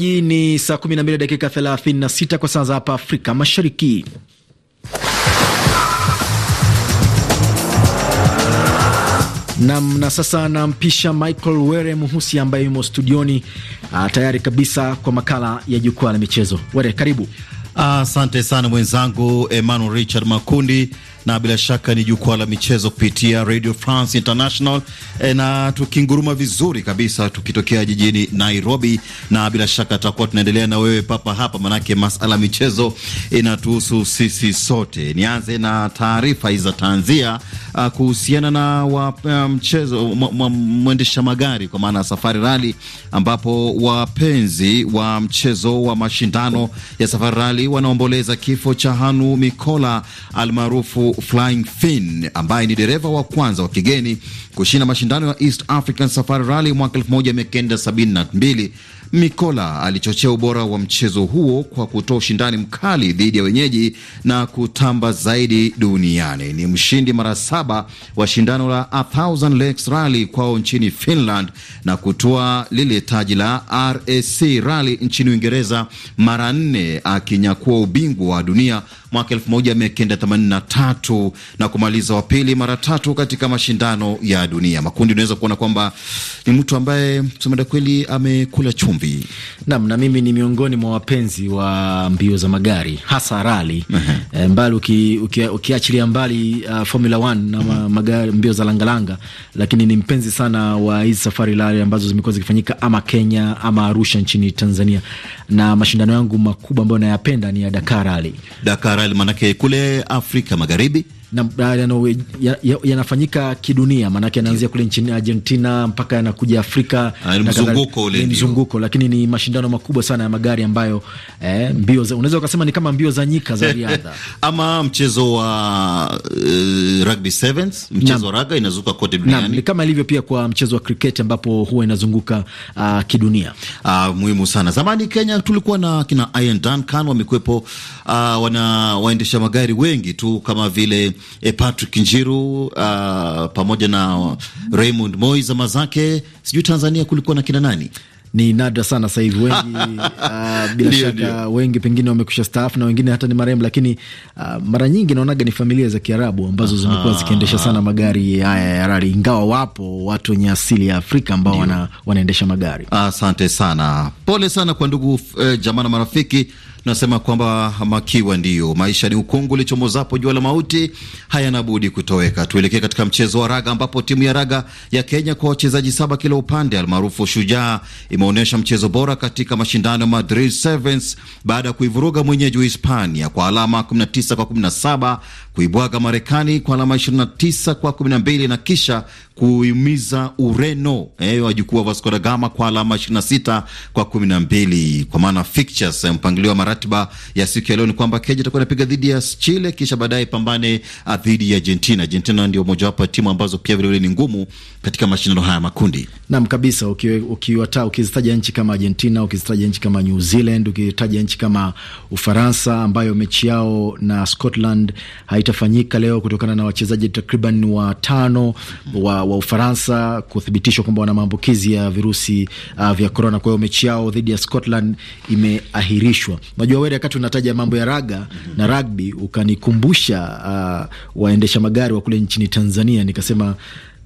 Msikilizaji, ni saa 12 dakika 36 kwa saa za hapa Afrika Mashariki. Nam na sasa nampisha Michael Were Muhusi ambaye yumo studioni ah, tayari kabisa kwa makala ya jukwaa la michezo. Were, karibu. Asante uh, sana mwenzangu Emmanuel Richard Makundi na bila shaka ni jukwaa la michezo kupitia Radio France International e, na tukinguruma vizuri kabisa tukitokea jijini Nairobi, na bila shaka tutakuwa tunaendelea na wewe papa hapa, manake masala michezo inatuhusu sisi sote. Nianze na taarifa hizi za tanzia kuhusiana na wa, mchezo mwendesha magari kwa maana ya Safari Rali, ambapo wapenzi wa mchezo wa mashindano ya Safari Rali wanaomboleza kifo cha Hanu Mikola almaarufu Flying Finn ambaye ni dereva wa kwanza wa kigeni kushinda mashindano ya East African Safari Rally mwaka 1972. Mikola alichochea ubora wa mchezo huo kwa kutoa ushindani mkali dhidi ya wenyeji na kutamba zaidi duniani. Ni mshindi mara saba wa shindano la A Thousand Lakes Rally kwao nchini Finland na kutoa lile taji la RAC Rally nchini Uingereza mara nne, akinyakua ubingwa wa dunia mwaka 1983 na kumaliza wa pili mara tatu katika mashindano ya dunia makundi. Unaweza kuona kwamba ni mtu ambaye kusema kweli amekula chumvi. nam na mimi ni miongoni mwa wapenzi wa mbio za magari hasa rali e, mbali ukiachilia uki, uki mbali uh, Formula 1 na magari mbio za langalanga, lakini ni mpenzi sana wa hizi safari rali ambazo zimekuwa zikifanyika ama Kenya ama Arusha nchini Tanzania na mashindano yangu makubwa ambayo nayapenda ni ya Dakar Rally. Dakar Rally manake kule Afrika Magharibi yanafanyika ya, ya ya kidunia, maanake yanaanzia kule nchini Argentina mpaka yanakuja Afrika, ah, mzunguko ule mzunguko, lakini ni mashindano makubwa sana ya magari ambayo eh, mbio za, unaweza ukasema ni kama mbio za nyika za riadha ama mchezo wa uh, rugby sevens, mchezo wa raga inazunguka kote duniani, ni kama ilivyo pia kwa mchezo wa cricket ambapo huwa inazunguka uh, kidunia. Uh, muhimu sana. Zamani Kenya tulikuwa na kina Ian Duncan wamekuwepo, uh, wana waendesha magari wengi tu kama vile e Patrick Njiru uh, pamoja na Raymond Moi zama zake, sijui Tanzania kulikuwa na kina nani? Ni nadra sana sasa hivi wengi uh, bila shaka dio. Wengi pengine wamekusha staafu na wengine hata ni marehemu, lakini uh, mara nyingi naonaga ni familia za Kiarabu ambazo zimekuwa zikiendesha sana magari haya ya rari, ingawa wapo watu wenye asili ya Afrika ambao wana, wanaendesha magari. Asante sana, pole sana kwa ndugu eh, jamaa na marafiki nasema kwamba makiwa ndio maisha, ni ukungu lichomozapo jua la mauti, hayana budi kutoweka. Tuelekee katika mchezo wa raga ambapo timu ya raga ya Kenya kwa wachezaji saba kila upande almaarufu Shujaa imeonyesha mchezo bora katika mashindano ya Madrid Sevens baada ya kuivuruga mwenyeji wa Hispania kwa alama 19 kwa 17, kuibwaga Marekani kwa alama 29 kwa 12 na kisha kuimiza Ureno eh, wajukuu wa Vasco da Gama kwa alama 26 kwa 12 kwa maana fixtures eh, mpangilio wa ratiba ya siku ya leo ni kwamba Kenya itakuwa inapiga dhidi ya Chile, kisha baadaye pambane ah, dhidi ya Argentina. Argentina ndio mojawapo ya timu ambazo pia vilevile ni ngumu katika mashindano haya makundi. Naam kabisa, ukiwata ukizitaja nchi kama Argentina, ukizitaja nchi kama New Zealand, ukizitaja nchi kama Ufaransa ambayo mechi yao na Scotland haitafanyika leo kutokana na wachezaji takriban watano wa, wa Ufaransa kuthibitishwa kwamba wana maambukizi ya virusi uh, vya korona. Kwa hiyo mechi yao dhidi ya Scotland imeahirishwa. Unajua wewe, wakati unataja mambo ya raga mm -hmm. na rugby ukanikumbusha uh, waendesha magari wa kule nchini Tanzania, nikasema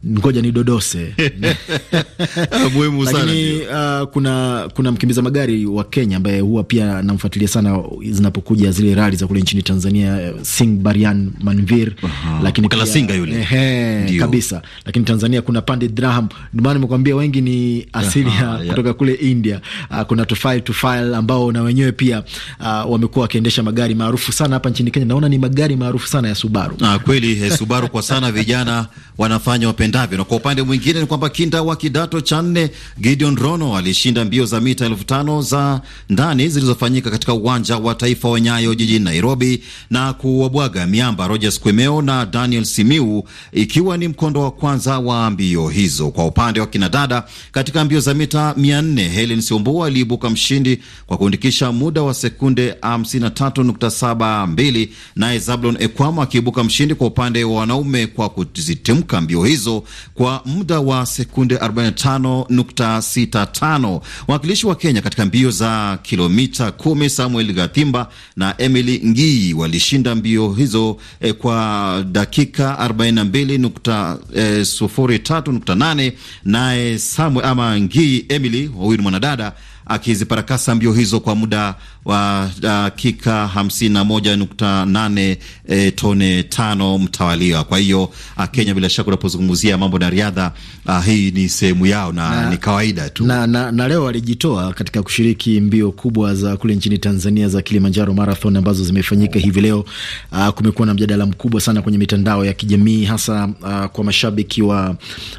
ngoja nidodose ah, muhimu sana lakini uh, kuna, kuna mkimbiza magari wa Kenya ambaye huwa pia namfuatilia sana zinapokuja zile rali za kule nchini Tanzania, Sing Barian Manvir. Aha, lakini pia, Singa yule. Ehe, kabisa lakini Tanzania kuna Pandit Draham, ndio maana nimekwambia wengi ni asili ya kutoka yeah. kule India. Uh, kuna Tufail Tufail ambao na wenyewe pia uh, wamekuwa wakiendesha magari maarufu sana hapa nchini Kenya, naona ni magari maarufu sana ya Subaru. Ah, kweli eh, Subaru kwa sana vijana wanafanya wapende ishindavyo. Na kwa upande mwingine ni kwamba kinda wa kidato cha nne Gideon Rono alishinda mbio za mita elfu tano za ndani zilizofanyika katika uwanja wa taifa wa Nyayo jijini Nairobi na kuwabwaga miamba Rogers Quimeo na Daniel Simiu, ikiwa ni mkondo wa kwanza wa mbio hizo. Kwa upande wa kinadada katika mbio za mita mia nne Helen Siombua aliibuka mshindi kwa kuandikisha muda wa sekunde 53.72 naye Zablon Ekwamo akiibuka mshindi kwa upande wa wanaume kwa kuzitimka mbio hizo kwa muda wa sekunde 45.65. Wawakilishi wa Kenya katika mbio za kilomita kumi, Samuel Gathimba na Emily Ngii walishinda mbio hizo eh, kwa dakika 42.038. Eh, naye Samuel ama Ngii Emily, huyu ni mwanadada akiziparakasa mbio hizo kwa muda wa dakika uh, 51.8 e, tone tano mtawaliwa. Kwa hiyo uh, Kenya bila shaka unapozungumzia mambo na riadha uh, hii ni sehemu yao na, na ni kawaida tu na, na, na leo walijitoa katika kushiriki mbio kubwa za kule nchini Tanzania za Kilimanjaro Marathon ambazo zimefanyika hivi leo. Uh, kumekuwa na mjadala mkubwa sana kwenye mitandao ya kijamii hasa uh, kwa mashabiki wa,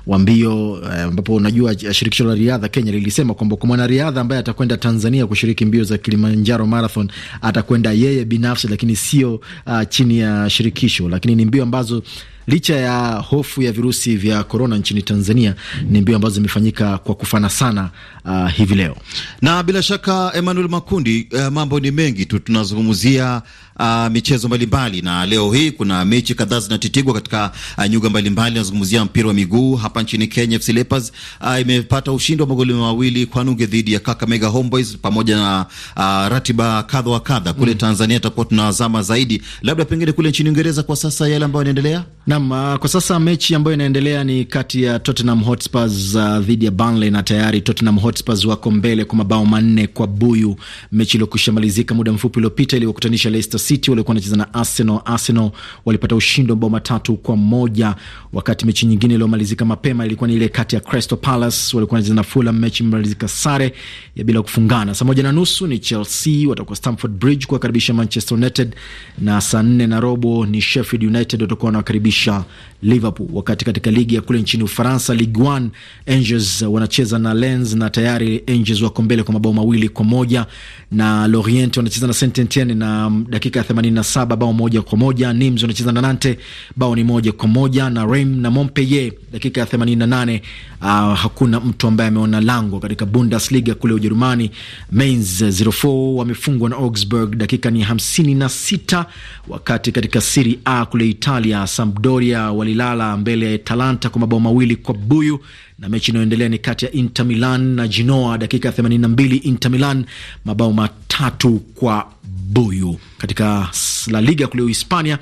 wa mbio e, ambapo uh, unajua shirikisho la riadha Kenya lilisema kwamba kwa mwanariadha ambaye ambaye atakwenda Tanzania kushiriki mbio za Kilimanjaro Marathon atakwenda yeye binafsi, lakini sio uh, chini ya shirikisho, lakini ni mbio ambazo Licha ya hofu ya virusi vya korona nchini Tanzania, ni mbio ambazo zimefanyika kwa kufana sana uh, hivi leo, na bila shaka Emmanuel Makundi, uh, mambo ni mengi tu tunazungumzia Uh, michezo mbalimbali mbali. na leo hii kuna mechi kadhaa zinatitigwa katika uh, nyuga mbalimbali. Nazungumzia mpira wa miguu hapa nchini Kenya. FC Leopards uh, imepata ushindi wa magoli mawili kwa nunge dhidi ya Kakamega Homeboys, pamoja na uh, ratiba kadha wa kadha kule mm. Tanzania tutakuwa tunawazama zaidi, labda pengine kule nchini Uingereza kwa sasa yale ambayo yanaendelea Nam, uh, kwa sasa mechi ambayo inaendelea ni kati ya Tottenham Hotspurs uh, dhidi ya Burnley na tayari Tottenham Hotspurs wako mbele kwa mabao manne kwa buyu. Mechi iliyokwisha malizika muda mfupi uliopita iliyokutanisha Leicester City waliokuwa wanacheza na Arsenal. Arsenal walipata ushindi wa mabao matatu kwa moja, wakati mechi nyingine iliyomalizika mapema ilikuwa ni ile kati ya Crystal Palace walikuwa wanacheza na Fulham, mechi imemalizika sare ya bila kufungana. Saa moja na nusu ni Chelsea watakuwa Stamford Bridge kuwakaribisha Manchester United na saa nne na robo ni Sheffield United watakuwa wanawakaribisha kuimarisha Liverpool. Wakati katika ligi ya kule nchini Ufaransa, Ligue 1 Angels wanacheza na Lens na tayari Angels wako mbele kwa mabao mawili kwa moja na Lorient wanacheza na Saint-Etienne na mm, dakika ya 87 bao moja kwa moja. Nimes wanacheza na Nantes bao ni moja kwa moja na Reims na Montpellier dakika ya 88, uh, ah, hakuna mtu ambaye ameona lango. Katika Bundesliga kule Ujerumani, Mainz 04 wamefungwa na Augsburg dakika ni 56, wakati katika Serie A kule Italia Sampdoria Sampdoria walilala mbele ya Talanta kwa mabao mawili kwa buyu, na mechi inayoendelea ni kati ya Inter Milan na Jinoa. Dakika 82 Inter Milan mabao matatu kwa buyu. Katika La Liga kule Uhispania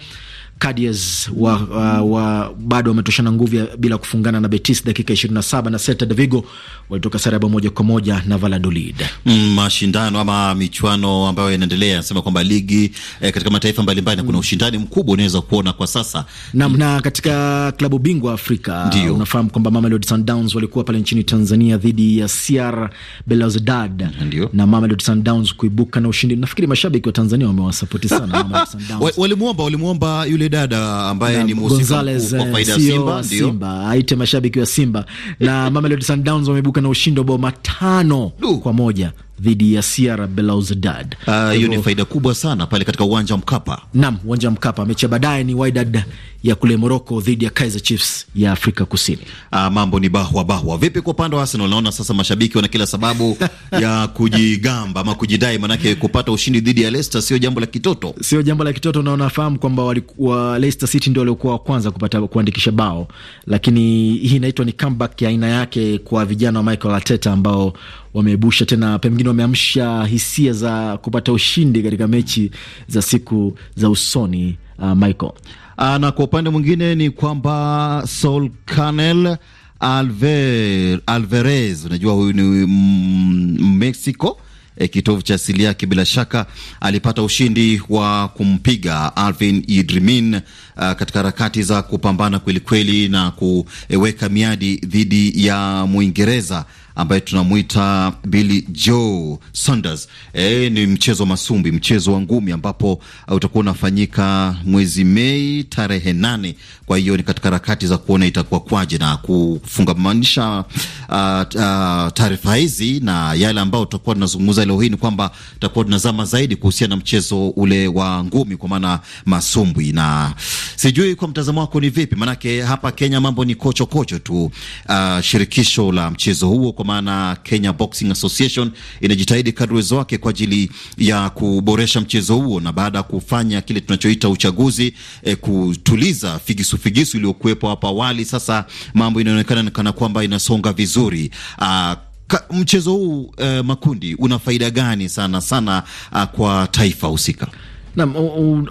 Cadiz wa, wa, uh, wa bado wametoshana nguvu bila kufungana na Betis dakika 27 na Celta de Vigo walitoka sare moja kwa moja na Valladolid. Mm, mashindano ama michuano ambayo inaendelea nasema kwamba ligi eh, katika mataifa mbalimbali mm, kuna ushindani mkubwa unaweza kuona kwa sasa na, mm, na katika klabu bingwa Afrika unafahamu kwamba Mamelodi Sundowns walikuwa pale nchini Tanzania dhidi ya CR Belouizdad na Mamelodi Sundowns kuibuka na ushindi. Nafikiri mashabiki wa Tanzania wamewasapoti sana Mamelodi Sundowns. Walimuomba walimuomba yule dada ambaye ni mhusika eh, faida Simba, Simba aite mashabiki wa Simba na Mamelodi Sundowns wameibuka na ushindi wa bao matano kwa moja dhidi ya Sierra Belouizdad. Ah, hiyo uh, ni faida kubwa sana pale katika uwanja wa Mkapa. Naam, uwanja wa Mkapa. Mechi baadaye ni Wydad ya kule Morocco dhidi ya Kaizer Chiefs ya Afrika Kusini. Uh, mambo ni bahwa bahwa. Vipi kwa upande wa Arsenal? Naona sasa mashabiki wana kila sababu ya kujigamba ama kujidai, manake kupata ushindi dhidi ya Leicester sio jambo la kitoto, sio jambo la kitoto, na unafahamu kwamba walikuwa Leicester City ndio waliokuwa wa kwanza kupata kuandikisha bao, lakini hii inaitwa ni comeback ya aina yake kwa vijana wa Michael Arteta ambao wameebusha tena, pengine wameamsha hisia za kupata ushindi katika mechi za siku za usoni. Uh, Michael uh, na kwa upande mwingine ni kwamba Saul Canel Alver, Alvarez unajua huyu ni mm, Mexico E, kitovu cha asili yake bila shaka alipata ushindi wa kumpiga Alvin Idrimin ah, katika harakati za kupambana kwelikweli na kuweka miadi dhidi ya Mwingereza ambaye tunamwita Billy Joe Saunders. E, ni mchezo wa masumbi, mchezo wa ngumi ambapo uh, utakuwa unafanyika mwezi Mei tarehe nane. Kwa hiyo ni katika harakati za kuona itakuwa kwaje na kufungamanisha uh, uh, taarifa hizi na yale ambayo tutakuwa tunazungumza leo hii ni kwamba tutakuwa tunazama zaidi kuhusiana na mchezo ule wa ngumi kwa maana masumbwi, na sijui kwa mtazamo wako ni vipi, maanake hapa Kenya mambo ni kochokocho kocho tu. Uh, shirikisho la mchezo huo kwa maana Kenya Boxing Association inajitahidi kadri uwezo wake kwa ajili ya kuboresha mchezo huo, na baada ya kufanya kile tunachoita uchaguzi e, kutuliza figisu figisu iliyokuwepo hapo awali, sasa mambo inaonekana kana kwamba inasonga vizuri. Aa, ah, ka, mchezo huu e, makundi una faida gani sana sana a, ah, kwa taifa husika? Naam,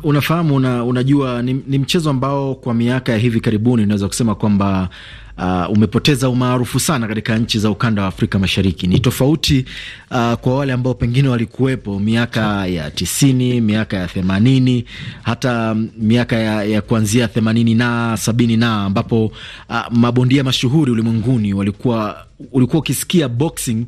unafahamu una, unajua ni, ni mchezo ambao kwa miaka ya hivi karibuni unaweza kusema kwamba uh, umepoteza umaarufu sana katika nchi za ukanda wa Afrika Mashariki. Ni tofauti uh, kwa wale ambao pengine walikuwepo miaka ya tisini, miaka ya themanini, hata um, miaka ya, ya kuanzia themanini na sabini na ambapo uh, mabondia mashuhuri ulimwenguni walikuwa ulikuwa ukisikia boxing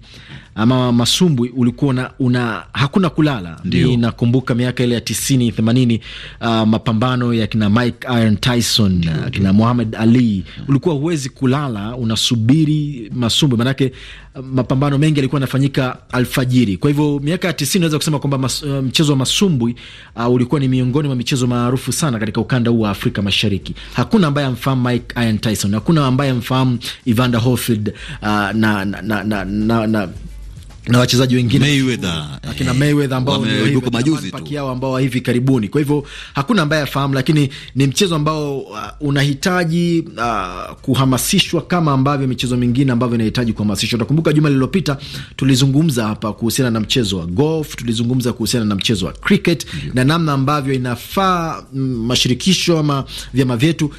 ama masumbwi ulikuwa una, una hakuna kulala. Nakumbuka miaka ile ya tisini themanini, uh, mapambano ya kina Mike Iron Tyson uh, kina Muhammad Ali, ulikuwa huwezi kulala, unasubiri masumbwi manake uh, mapambano mengi yalikuwa yanafanyika alfajiri. Kwa hivyo miaka ya tisini naweza kusema kwamba mas, uh, mchezo wa masumbwi uh, ulikuwa ni miongoni mwa michezo maarufu sana katika ukanda huu wa Afrika Mashariki. Hakuna ambaye amfahamu Mike Iron Tyson, hakuna ambaye amfahamu Evander Holyfield uh, na, na, na, na, na, na na wachezaji wengine Mayweather, akina Mayweather ambao wameibuka majuzi tu yao ambao hivi karibuni. Kwa hivyo hakuna ambaye afahamu, lakini ni mchezo ambao uh, unahitaji uh, kuhamasishwa kama ambavyo michezo mingine ambavyo inahitaji kuhamasishwa. Utakumbuka juma lililopita tulizungumza hapa kuhusiana na mchezo wa golf, tulizungumza kuhusiana na mchezo wa cricket yeah, na namna ambavyo inafaa mm, mashirikisho ama vyama vyetu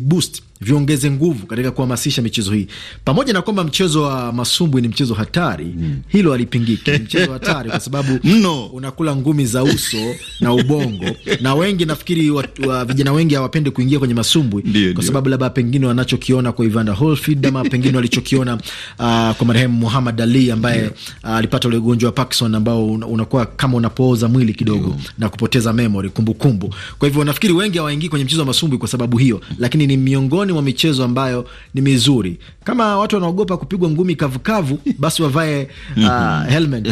boost viongeze nguvu katika kuhamasisha michezo hii, pamoja na kwamba mchezo wa masumbwi ni mchezo hatari mm. Hilo alipingiki mchezo hatari kwa sababu no. unakula ngumi za uso na ubongo na wengi nafikiri wa, wa, vijana wengi hawapendi kuingia kwenye masumbwi dio, kwa sababu labda pengine wanachokiona kwa Evander Holyfield ama pengine walichokiona uh, kwa marehemu Muhammad Ali ambaye ah, alipata uh, ule ugonjwa wa Parkinson ambao unakuwa kama unapooza mwili kidogo dio, na kupoteza memory kumbukumbu. kumbu. Kwa hivyo nafikiri wengi hawaingii kwenye mchezo wa masumbwi kwa sababu hiyo, lakini ni miongoni miongoni mwa michezo ambayo ni mizuri. Kama watu wanaogopa kupigwa ngumi kavukavu, basi wavae mhm. ah, helmet,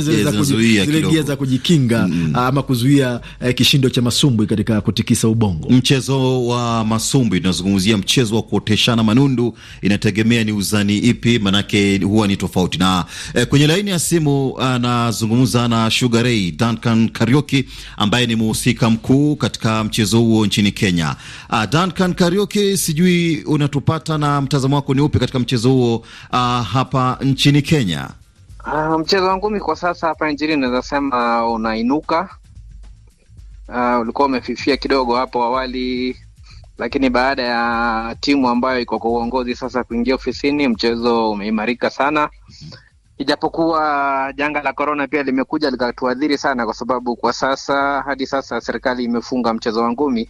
zile gia za kujikinga mhm. ah, ama kuzuia uh, kishindo cha masumbwi katika kutikisa ubongo. Mchezo wa masumbwi tunazungumzia mchezo wa kuoteshana manundu, inategemea ni uzani ipi, manake huwa ni tofauti na eh, kwenye laini ya simu anazungumza ah, na Sugar Ray Duncan Karioki ambaye ni mhusika mkuu katika mchezo huo nchini Kenya. Uh, Duncan Karioki Mwanamke, sijui unatupata na mtazamo wako ni upi katika mchezo huo uh, hapa nchini Kenya? Uh, mchezo wa ngumi kwa sasa hapa nchini naweza sema unainuka. Uh, ulikuwa umefifia kidogo hapo awali, lakini baada ya timu ambayo iko kwa uongozi sasa kuingia ofisini, mchezo umeimarika sana, ijapokuwa janga la korona pia limekuja likatuadhiri sana, kwa sababu kwa sasa hadi sasa serikali imefunga mchezo wa ngumi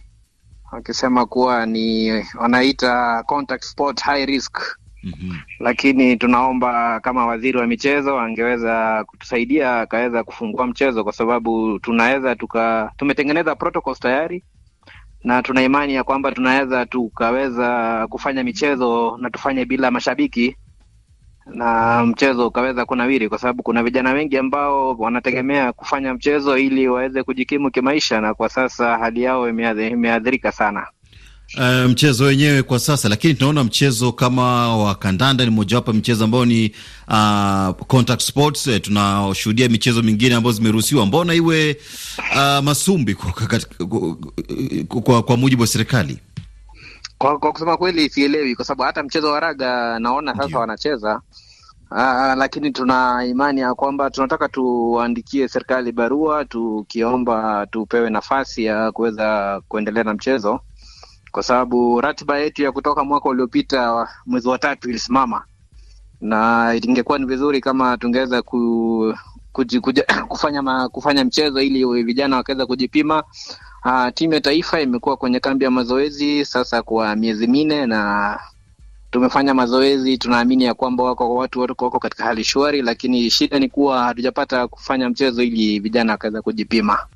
wakisema kuwa ni wanaita contact sport high risk. Mm -hmm. Lakini tunaomba kama waziri wa michezo angeweza kutusaidia akaweza kufungua mchezo, kwa sababu tunaweza tuka, tumetengeneza protocols tayari na tuna imani ya kwamba tunaweza tukaweza kufanya michezo na tufanye bila mashabiki na mchezo ukaweza kunawiri, kwa sababu kuna vijana wengi ambao wanategemea kufanya mchezo ili waweze kujikimu kimaisha, na kwa sasa hali yao imeathirika sana. Uh, mchezo wenyewe kwa sasa, lakini tunaona mchezo kama wa kandanda ni mojawapo michezo ambayo ni uh, contact sports. Eh, Tunashuhudia michezo mingine ambayo zimeruhusiwa, mbona iwe uh, masumbi kwa, kwa, kwa, kwa mujibu wa serikali? Kwa, kwa kusema kweli sielewi, kwa sababu hata mchezo wa raga naona sasa wanacheza Aa, ah, ah, lakini tuna imani ya kwamba tunataka tuandikie serikali barua tukiomba tupewe nafasi ya kuweza kuendelea na mchezo, kwa sababu ratiba yetu ya kutoka mwaka uliopita mwezi wa tatu ilisimama, na ingekuwa ni vizuri kama tungeweza ku, kufanya, kufanya mchezo ili vijana wakaweza kujipima Uh, timu ya taifa imekuwa kwenye kambi ya mazoezi sasa kwa miezi minne na tumefanya mazoezi. Tunaamini ya kwamba wako watu wako katika hali shwari, lakini shida ni kuwa hatujapata kufanya mchezo ili vijana wakaweza kujipima.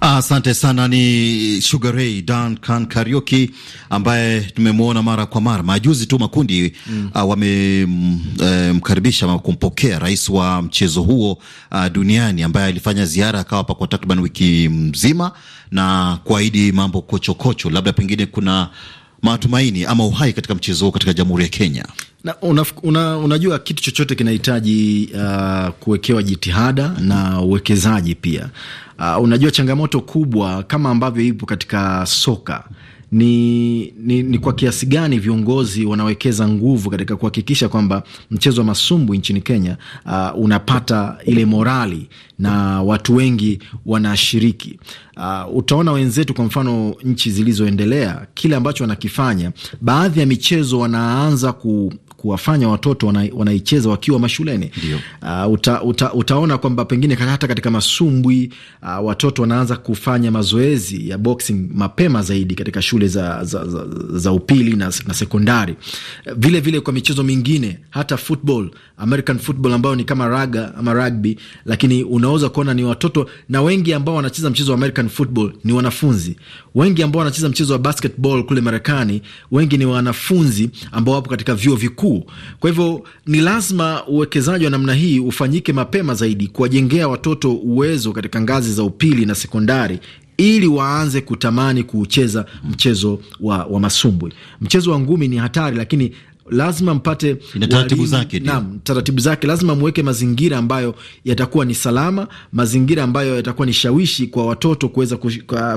Asante sana. Ni Sugar dan Kan Karioki ambaye tumemwona mara kwa mara majuzi tu makundi mm. Uh, wamemkaribisha eh, mm, e, kumpokea rais wa mchezo huo uh, duniani ambaye alifanya ziara akawa hapa kwa takriban wiki mzima na kuahidi mambo kochokocho kocho. Labda pengine kuna matumaini ama uhai katika mchezo huo katika Jamhuri ya Kenya. Na una, una, unajua kitu chochote kinahitaji uh, kuwekewa jitihada na uwekezaji pia. Uh, unajua changamoto kubwa kama ambavyo ipo katika soka ni, ni, ni kwa kiasi gani viongozi wanawekeza nguvu katika kuhakikisha kwamba mchezo wa masumbwi nchini Kenya uh, unapata ile morali na watu wengi wanashiriki. Uh, utaona wenzetu kwa mfano nchi zilizoendelea kile ambacho wanakifanya, baadhi ya michezo wanaanza ku kuwafanya watoto wanaicheza wakiwa mashuleni. Uh, uta, uta, utaona kwamba pengine hata katika masumbwi uh, watoto wanaanza kufanya mazoezi ya boxing mapema zaidi katika shule za, za, za, za upili na, na sekondari. Vile vile kwa michezo mingine hata football, American football ambayo ni kama raga ama rugby, lakini unaweza kuona ni watoto na wengi ambao wanacheza mchezo wa American football ni wanafunzi. Wengi ambao wanacheza mchezo wa basketball kule Marekani, wengi ni wanafunzi ambao wapo katika vyuo vikuu mkuu. Kwa hivyo ni lazima uwekezaji wa namna hii ufanyike mapema zaidi, kuwajengea watoto uwezo katika ngazi za upili na sekondari ili waanze kutamani kuucheza mchezo wa, wa masumbwi. Mchezo wa ngumi ni hatari, lakini lazima mpate taratibu zake, naam, taratibu zake. Lazima mweke mazingira ambayo yatakuwa ni salama, mazingira ambayo yatakuwa ni shawishi kwa watoto kuweza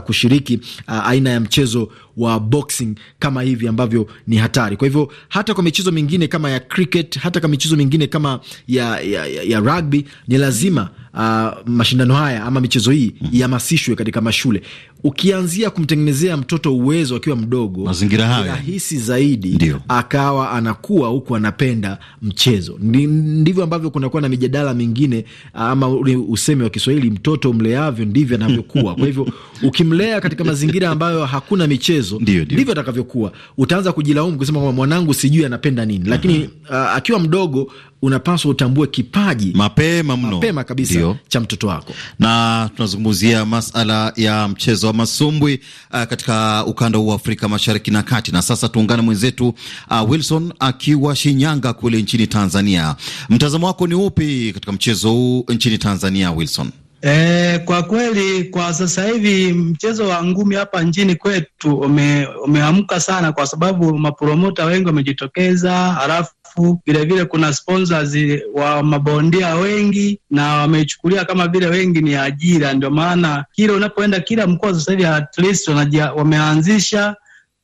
kushiriki uh, aina ya mchezo wa boxing kama hivi ambavyo ni hatari. Kwa hivyo hata kwa michezo mingine kama ya cricket, hata kwa michezo mingine kama ya, ya, ya rugby ni lazima uh, mashindano haya ama michezo hii mm-hmm. ihamasishwe katika mashule ukianzia kumtengenezea mtoto uwezo akiwa mdogo, mazingira hayo rahisi zaidi Ndiyo. akawa anakuwa huku anapenda mchezo. Ndivyo ambavyo kunakuwa na mijadala mingine, ama ule useme wa Kiswahili, mtoto mleavyo ndivyo anavyokuwa. Kwa hivyo ukimlea katika mazingira ambayo hakuna michezo, ndivyo atakavyokuwa. Utaanza kujilaumu kusema kwamba mwanangu sijui anapenda nini, lakini uh, akiwa mdogo unapaswa utambue kipaji mapema mno, mapema kabisa Dio, cha mtoto wako. Na tunazungumzia masala ya mchezo wa masumbwi uh, katika ukanda huu wa Afrika Mashariki na Kati. Na sasa tuungane mwenzetu uh, Wilson akiwa Shinyanga kule nchini Tanzania. Mtazamo wako ni upi katika mchezo huu nchini Tanzania, Wilson? E, kwa kweli kwa sasa hivi mchezo wa ngumi hapa nchini kwetu ume, umeamka sana kwa sababu mapromota wengi wamejitokeza, halafu vilevile kuna sponsors wa mabondia wengi na wamechukulia kama vile wengi ni ajira. Ndio maana kila unapoenda kila mkoa sasa hivi at least wameanzisha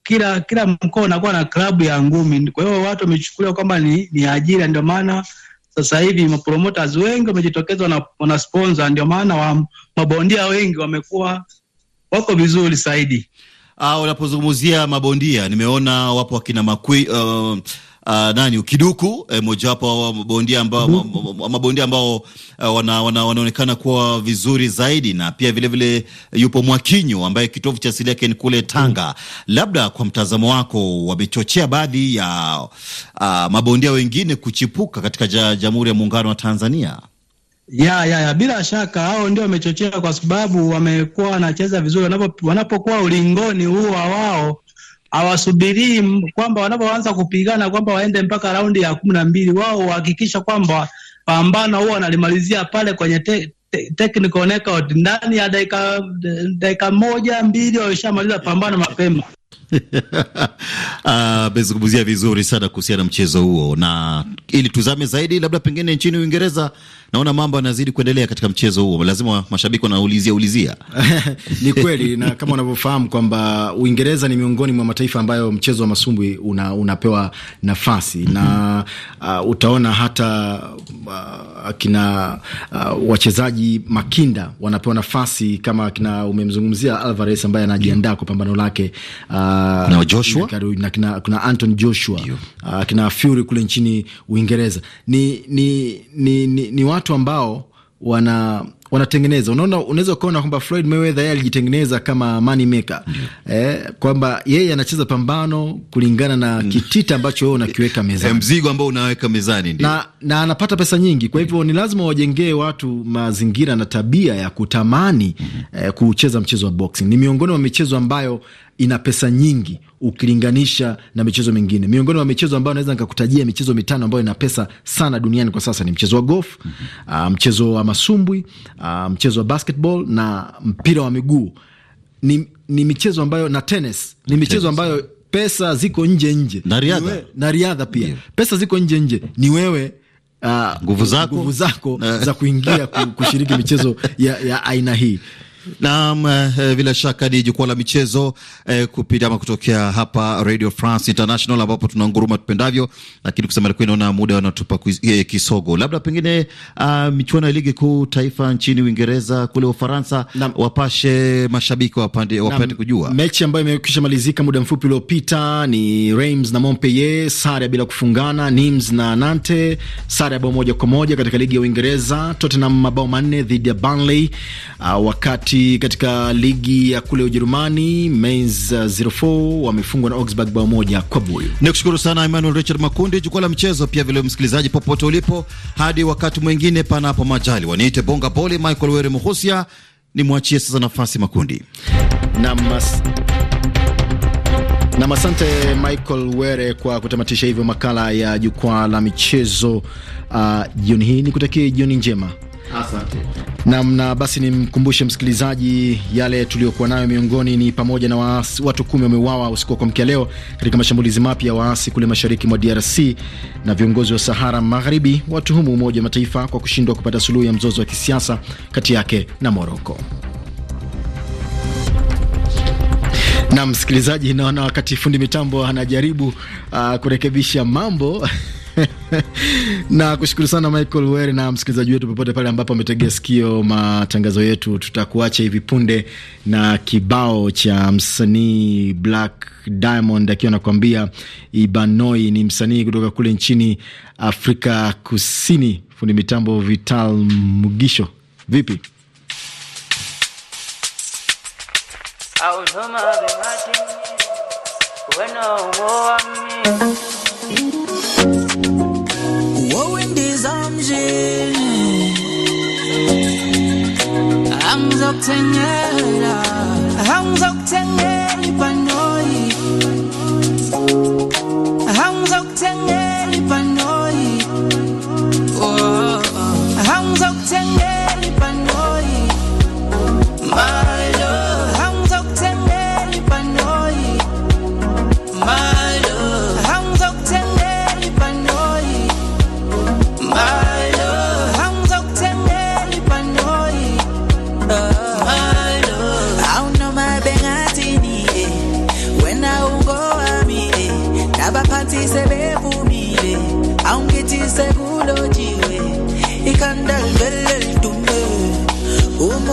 kila kila mkoa unakuwa na klabu ya ngumi. Kwa hiyo watu wamechukulia kwamba ni, ni ajira, ndio maana sasa hivi mapromoters wengi wamejitokeza na wana sponsor, ndio maana wa mabondia wengi wamekuwa wako vizuri zaidi. Ah, unapozungumzia mabondia nimeona wapo akina Makui uh, uh, nani ukiduku eh, mojawapo wa mabondia ambao mhm. mabondia ambao uh, wana, wana, wanaonekana kuwa vizuri zaidi, na pia vilevile vile yupo Mwakinyo ambaye kitovu cha asili yake ni kule Tanga. Mhm. Labda kwa mtazamo wako, wamechochea baadhi ya uh, mabondia wengine kuchipuka katika Jamhuri ya Muungano wa Tanzania? Ya, ya, ya, bila shaka hao ndio wamechochea, kwa sababu wamekuwa wanacheza vizuri wanapokuwa ulingoni huo wao hawasubirii kwamba wanapoanza kupigana kwamba waende mpaka raundi ya kumi na mbili. Wao wahakikisha kwamba pambano huo wanalimalizia pale kwenye te, te, technical knockout ndani ya dakika dakika moja mbili, wameshamaliza pambano mapema. Ah, amezungumzia vizuri sana kuhusiana na mchezo huo, na ili tuzame zaidi, labda pengine nchini Uingereza naona mambo yanazidi kuendelea katika mchezo huo, lazima mashabiki wanaulizia ulizia. Ni kweli na kama unavyofahamu kwamba Uingereza ni miongoni mwa mataifa ambayo mchezo wa masumbwi una, unapewa nafasi na uh, utaona hata uh, kina uh, wachezaji makinda wanapewa nafasi kama kina umemzungumzia Alvarez ambaye anajiandaa kwa pambano lake uh, na Joshua na kuna Anton Joshua uh, kina Fury kule nchini Uingereza ni, ni, ni, ni, ni watu ambao wana wanatengeneza unaona, unaweza ukaona kwamba Floyd Mayweather yeye alijitengeneza kama money maker eh, kwamba yeye anacheza pambano kulingana na mm. kitita ambacho wewe unakiweka eh, mezani, mzigo ambao unaweka mezani ndio, na, na anapata pesa nyingi. Kwa hivyo ni lazima wajengee watu mazingira na tabia ya kutamani mm-hmm. eh, kucheza mchezo wa boxing. Ni miongoni mwa michezo ambayo ina pesa nyingi ukilinganisha na michezo mingine. Miongoni mwa michezo ambayo naweza nikakutajia michezo mitano ambayo ina pesa sana duniani kwa sasa ni mchezo wa golf, mm -hmm. mchezo wa masumbwi ah, mchezo wa basketball na mpira wa miguu ni, ni michezo ambayo na tennis ni michezo ambayo pesa ziko nje nje na riadha, na riadha pia yeah. Pesa ziko nje nje, ni wewe ah, nguvu uh, zako, nguvu zako za kuingia kushiriki michezo ya, ya aina hii. Naam, eh, eh, bila shaka ni jukwaa la michezo eh, kupitia ama kutokea hapa Radio France International ambapo tuna nguruma tupendavyo, lakini kusema kweli naona muda wanatupa eh, kisogo. Labda pengine uh, michuano ya ligi kuu taifa nchini Uingereza kule Ufaransa, wapashe mashabiki wapande wapate kujua mechi ambayo imekwisha malizika muda mfupi uliopita ni Reims na Montpellier, sare bila kufungana. Nims na Nante sare ya bao moja kwa moja katika ligi ya Uingereza. Tottenham mabao manne dhidi ya Burnley. Uh, wakati katika ligi ya kule Ujerumani Mainz 04 uh, wamefungwa na Augsburg bao moja kwa buyu. kushukuru sana Emmanuel Richard Makundi, jukwaa la michezo pia vile msikilizaji, popote ulipo, hadi wakati mwingine, panapo majali waniite Bonga Boli, Michael Were Muhusia, nimwachie sasa nafasi Makundi Namas... Nam, asante Michael Were kwa kutamatisha hivyo makala ya jukwaa la michezo uh, jioni uh, hii. kutakie jioni njema. Asante. Nam na basi, nimkumbushe msikilizaji yale tuliyokuwa nayo miongoni ni pamoja na waasi, watu kumi wameuawa usiku wa kuamkia leo katika mashambulizi mapya ya waasi kule mashariki mwa DRC, na viongozi wa Sahara Magharibi watuhumu Umoja wa Mataifa kwa kushindwa kupata suluhu ya mzozo wa kisiasa kati yake na Moroko. Na msikilizaji, naona wakati fundi mitambo anajaribu uh, kurekebisha mambo na kushukuru sana Michael Were na msikilizaji wetu popote pale ambapo ametegea sikio matangazo yetu. Tutakuacha hivi punde na kibao cha msanii Black Diamond akiwa anakuambia Ibanoi. Ni msanii kutoka kule nchini Afrika Kusini. Fundi mitambo Vital Mugisho, vipi? zamjini angizokuthengelaiphand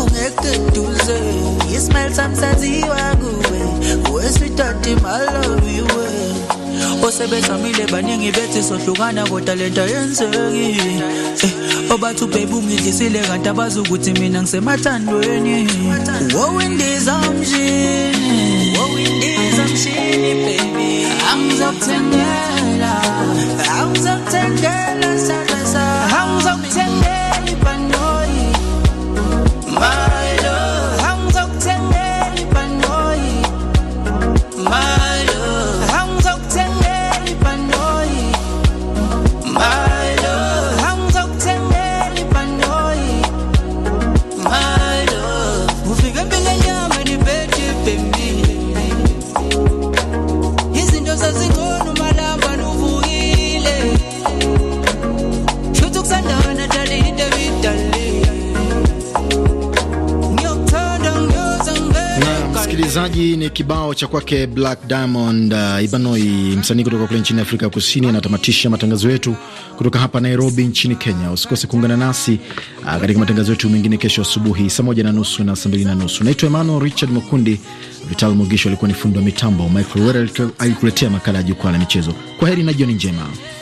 connected to You smell sometimes you are good Always sweet him, I love you osebethamile baningi bethi sohlukana kotalenta yenzeki eh, obathuphe ibungidlisile kanti abazukuthi mina ngisemathandweni wowindizamshini angizokuthenga kibao cha kwake Black Diamond uh, Ibanoi, msanii kutoka kule nchini Afrika Kusini, anatamatisha matangazo yetu kutoka hapa Nairobi nchini Kenya. Usikose kuungana nasi uh, katika matangazo yetu mengine kesho asubuhi saa moja na nusu na saa mbili na nusu. Naitwa Emmanuel Richard Makundi. Vital Mugisho alikuwa ni fundi wa mitambo, Michael Were alikuletea makala ya jukwaa la michezo. Kwa heri na jioni njema.